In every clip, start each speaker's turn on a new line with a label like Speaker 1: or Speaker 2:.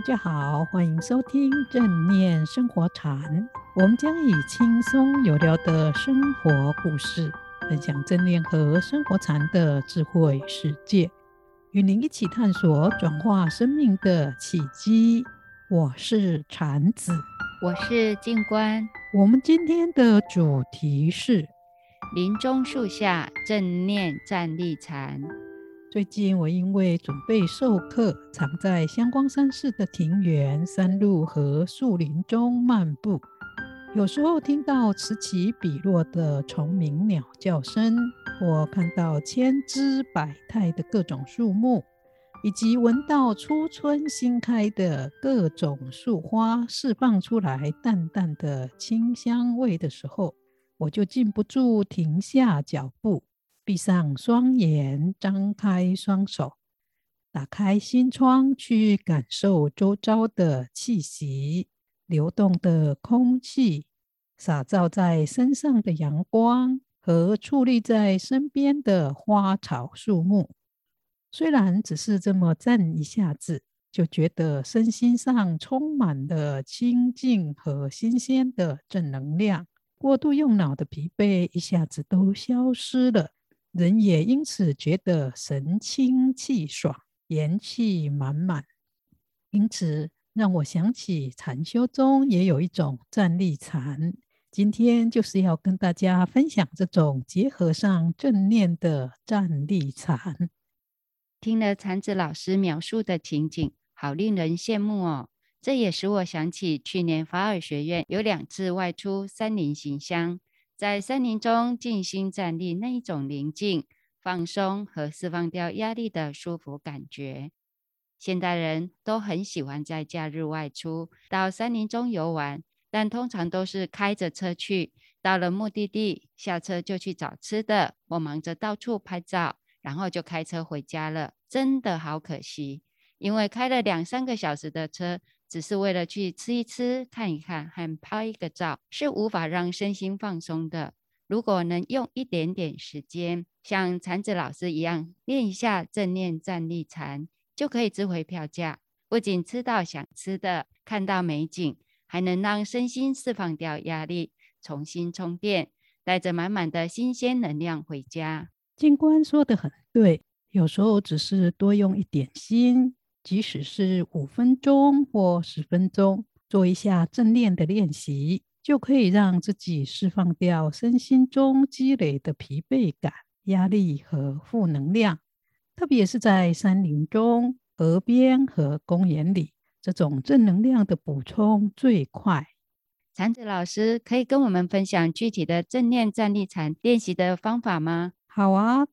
Speaker 1: 大家好，歡迎收聽正念生活禪。我們將以輕鬆有料的生活故事，分享正念和生活禪的智慧世界，與您一起探索轉化生命的契機。我是禪子，我是靜觀。我們今天的主題是
Speaker 2: 林中樹下正念站立禪。最近我因為準備授
Speaker 1: 課，常在香光山寺的庭園、山路和樹林中漫步。有時候聽到此起彼落的蟲鳴鳥叫聲，或看到千姿百態的各種樹木，以及聞到初春新開的各種樹花釋放出來淡淡的清香味的時候，我就禁不住停下腳步。閉上雙眼，張開雙手，打開心窗，去感受周遭的氣息、流動的空氣、灑照在身上的陽光和矗立在身邊的花草樹木。雖然只是這麼站一下子，就覺得身心上充滿了清淨和新鮮的正能量，過度用腦的疲憊一下子都消失了。人也因此覺得神清氣爽，元氣滿滿。因此，讓我想起禪修中也有一種站立禪。今天就是要跟大家分享這種結合上正念的站立禪。
Speaker 2: 聽了禪子老師描述的情景，好令人羨慕哦。這也使我想起去年法爾學院有兩次外出山林行香。在森林中靜心站立，那一種寧靜、放鬆和釋放掉壓力的舒服感覺。現代人都很喜歡在假日外出到森林中遊玩，但通常都是開着車去，到了目的地下車就去找吃的，我忙着到處拍照，然後就開車回家了。真的好可惜，因為開了兩三個小時的車。只是為了去吃一吃、看一看和拍一個照，是無法讓身心放鬆的。如果能用一點點時間，像禪子老師一樣練一下正念站立禪，就可以值回票價。不僅吃到想吃的、看到美景，還能讓身心釋放掉壓力，重新充電，帶着滿滿的新鮮能量回家。
Speaker 1: 靜觀說得很對，有時候只是多用一點心。即使是五分鐘或十分鐘，做一下正念的練習，就可以讓自己釋放掉身心中積累的疲憊感、壓力和負能量。特別是，在山林中、河
Speaker 2: 邊和公園裡，這種正能量的補充最快。長子老師，可以跟我們分享具體的正念站立禪練習的方法嗎？好啊，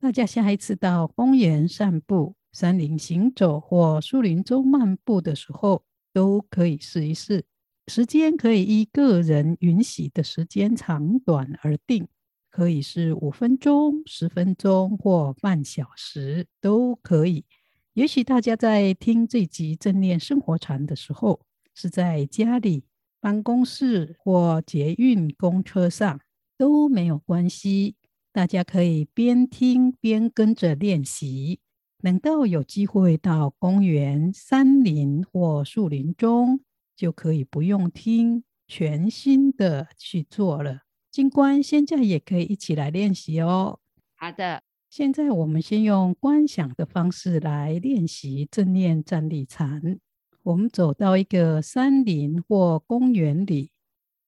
Speaker 1: 大家下一次到公園散步。山林行走或樹林中漫步的時候，都可以試一試。時間可以依個人允許的時間長短而定，可以是五分鐘、十分鐘或半小時都可以。也許大家在聽這集正念生活禪的時候，是在家裡、辦公室或捷運公車上都沒有關係，大家可以邊聽邊跟着練習。等到有機會到公園、山林或樹林中，就可以不用聽，全新的去做了。儘管現在也可以一起來練習哦。好的，現在我們先用觀想的方式來練習正念站立禪。我們走到一個山林或公園裡，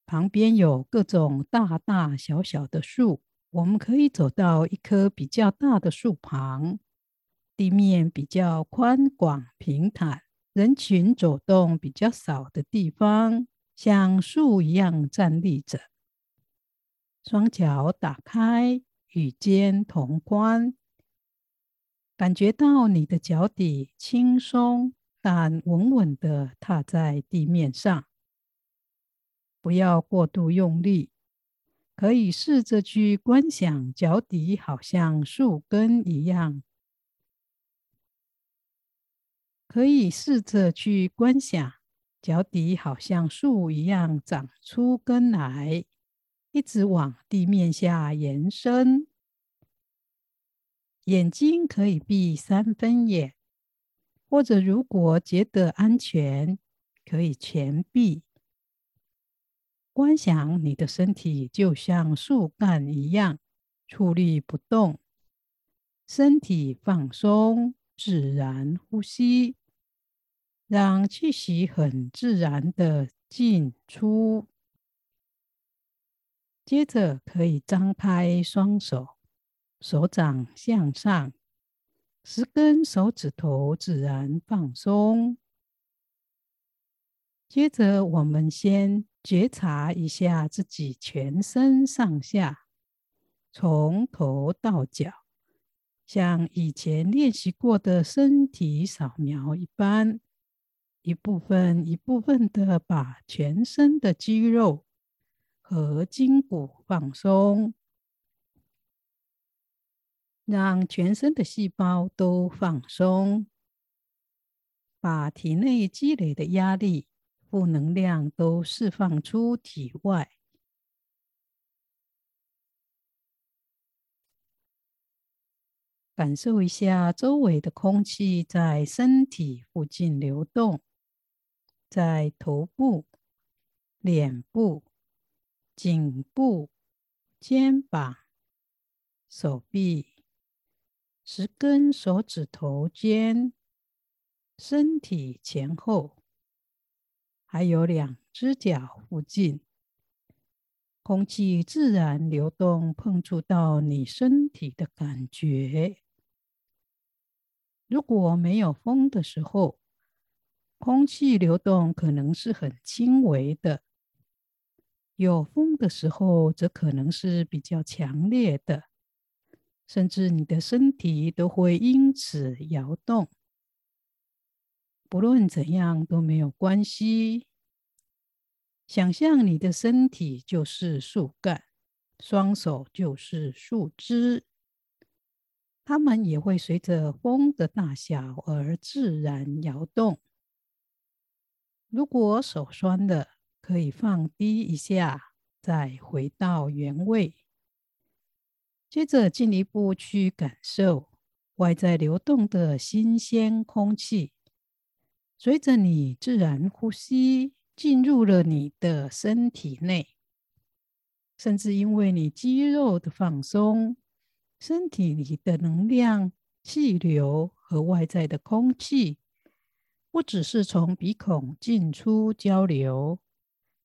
Speaker 1: 旁邊有各種大大小小的樹，我們可以走到一棵比較大的樹旁。地面比較寬廣平坦，人群走動比較少的地方，像樹一樣站立着，雙腳打開與肩同寬，感覺到你的腳底輕鬆但穩穩的踏在地面上，不要過度用力，可以試着去觀想腳底好像樹根一樣。可以試着去觀想，腳底好像樹一樣長出根來，一直往地面下延伸。眼睛可以閉三分眼，或者如果覺得安全，可以全閉。觀想你的身體就像樹幹一樣，矗立不動，身體放鬆，自然呼吸。讓氣息很自然的進出，接着可以張開雙手，手掌向上，十根手指頭自然放鬆。接着，我們先覺察一下自己全身上下，從頭到腳，像以前練習過的身體掃描一般。一部分一部分的把全身的肌肉和筋骨放鬆，讓全身的細胞都放鬆，把體內積累的壓力、負能量都釋放出體外。感受一下周圍的空氣在身體附近流動。在頭部、臉部、頸部、肩膀、手臂、十根手指頭尖、身體前後，還有兩隻腳附近，空氣自然流動碰觸到你身體的感覺。如果沒有風的時候。空氣流動可能是很輕微的，有風的時候則可能是比較強烈的，甚至你的身體都會因此搖動。不論怎樣都沒有關係。想象你的身體就是樹幹，雙手就是樹枝，它們也會隨着風的大小而自然搖動。如果手酸的，可以放低一下，再回到原位。接着進一步去感受外在流動的新鮮空氣，隨着你自然呼吸進入了你的身體內，甚至因為你肌肉的放鬆，身體裡的能量、氣流和外在的空氣。不只是從鼻孔進出交流，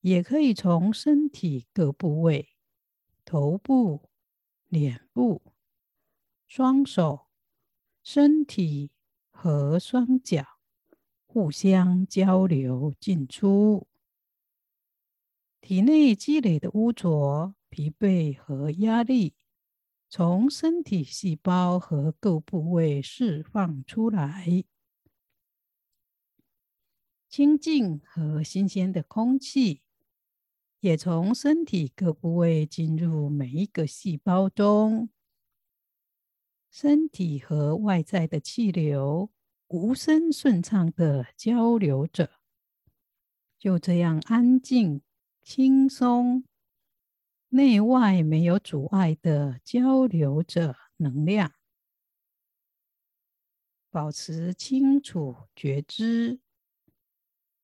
Speaker 1: 也可以從身體各部位，頭部、臉部、雙手、身體和雙腳互相交流進出。體內積累的污濁、疲憊和壓力，從身體細胞和各部位釋放出來。清淨和新鮮的空氣也從身體各部位進入每一個細胞中，身體和外在的氣流無聲順暢的交流着。就這樣安靜、輕鬆，內外沒有阻礙的交流着能量。保持清楚覺知。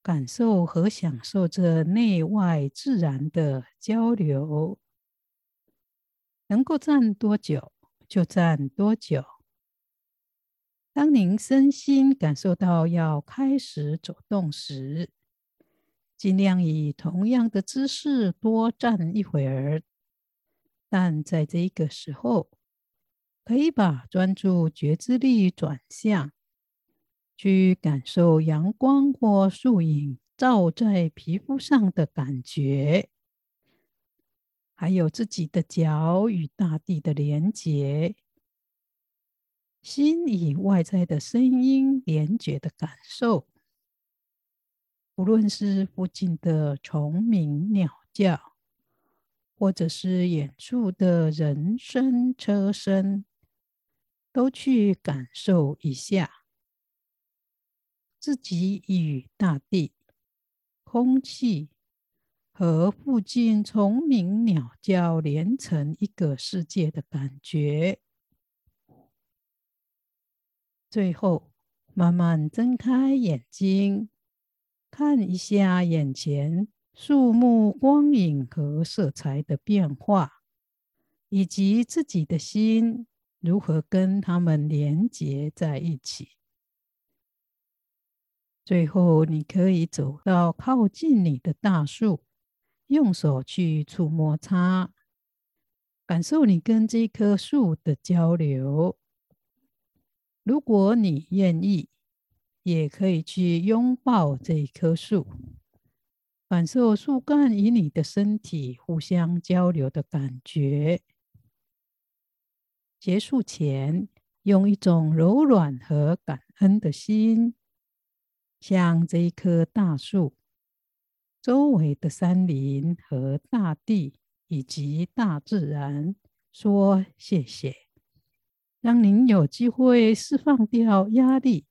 Speaker 1: 感受和享受這內外自然的交流，能夠站多久就站多久。當您身心感受到要開始走動時，盡量以同樣的姿勢多站一會兒。但在這個時候，可以把專注覺知力轉向。去感受陽光或樹影照在皮膚上的感覺，還有自己的腳與大地的連接，心與外在的聲音連接的感受。不論是附近的蟲鳴鳥叫，或者是遠處的人聲車聲，都去感受一下。自己與大地、空氣和附近蟲鳴鳥叫連成一個世界的感覺。最後，慢慢睜開眼睛，看一下眼前樹木光影和色彩的變化，以及自己的心如何跟它們連接在一起。最後，你可以走到靠近你的大樹，用手去觸摸它，感受你跟這棵樹的交流。如果你願意，也可以去擁抱這棵樹，感受樹幹與你的身體互相交流的感覺。結束前，用一種柔軟和感恩的心。向這一棵大樹、周圍的山林和大地，以及大自然說謝謝，讓您有機會釋放掉壓力、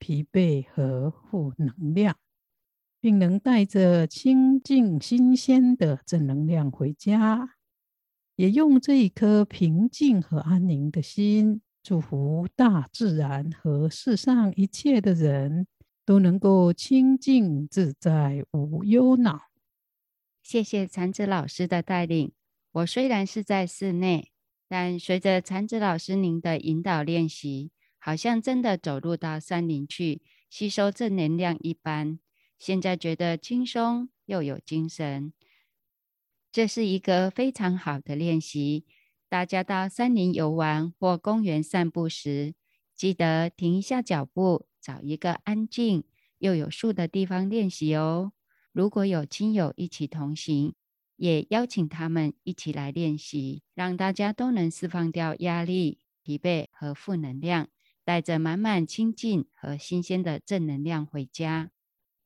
Speaker 1: 疲憊和負能量，並能帶着清淨新鮮的正能量回家。也用這一顆平靜和安寧的心，祝福大自然和世上一切的人，都能夠清淨自在無憂惱。
Speaker 2: 謝謝禪子老師的帶領。我雖然是在室內，但隨着禪子老師您的引導練習，好像真的走入到山林去吸收正能量一般。現在覺得輕鬆又有精神，這是一個非常好的練習。大家到山林遊玩或公園散步時。記得停一下腳步，找一個安靜又有樹的地方練習哦。如果有親友一起同行，也邀請他們一起來練習，讓大家都能釋放掉壓力、疲憊和負能量，帶着滿滿清淨和新鮮的正能量回家。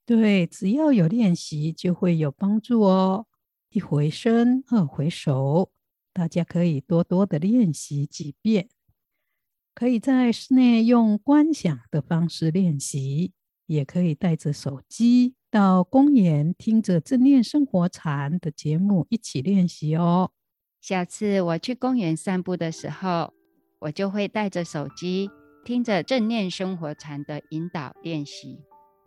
Speaker 1: 對，只要有練習就會有幫助哦。一回生，二回熟，大家可以多多的練習幾遍。可以在室內用觀想的方式練習，也可以帶着手機到公園，聽着正念生活禪的節目一起練習哦。
Speaker 2: 下次我去公園散步的時候，我就會帶着手機，聽着正念生活禪的引導練習，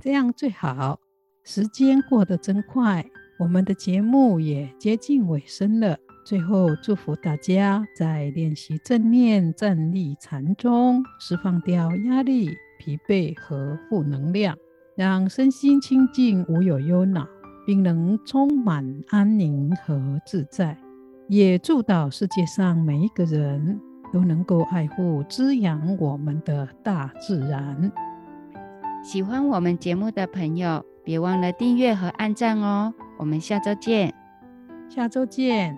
Speaker 1: 這樣最好。時間過得真快，我們的節目也接近尾聲了。最後，祝福大家在練習正念站立禪中，釋放掉壓力、疲憊和負能量，讓身心清靜，無有憂惱，並能充滿安寧和自在。也祝禱世界上每一個人
Speaker 2: 都能夠愛護、滋養我們的大自然。喜歡我們節目的朋友，別忘了訂閱和按讚哦！我們下周見，下周見。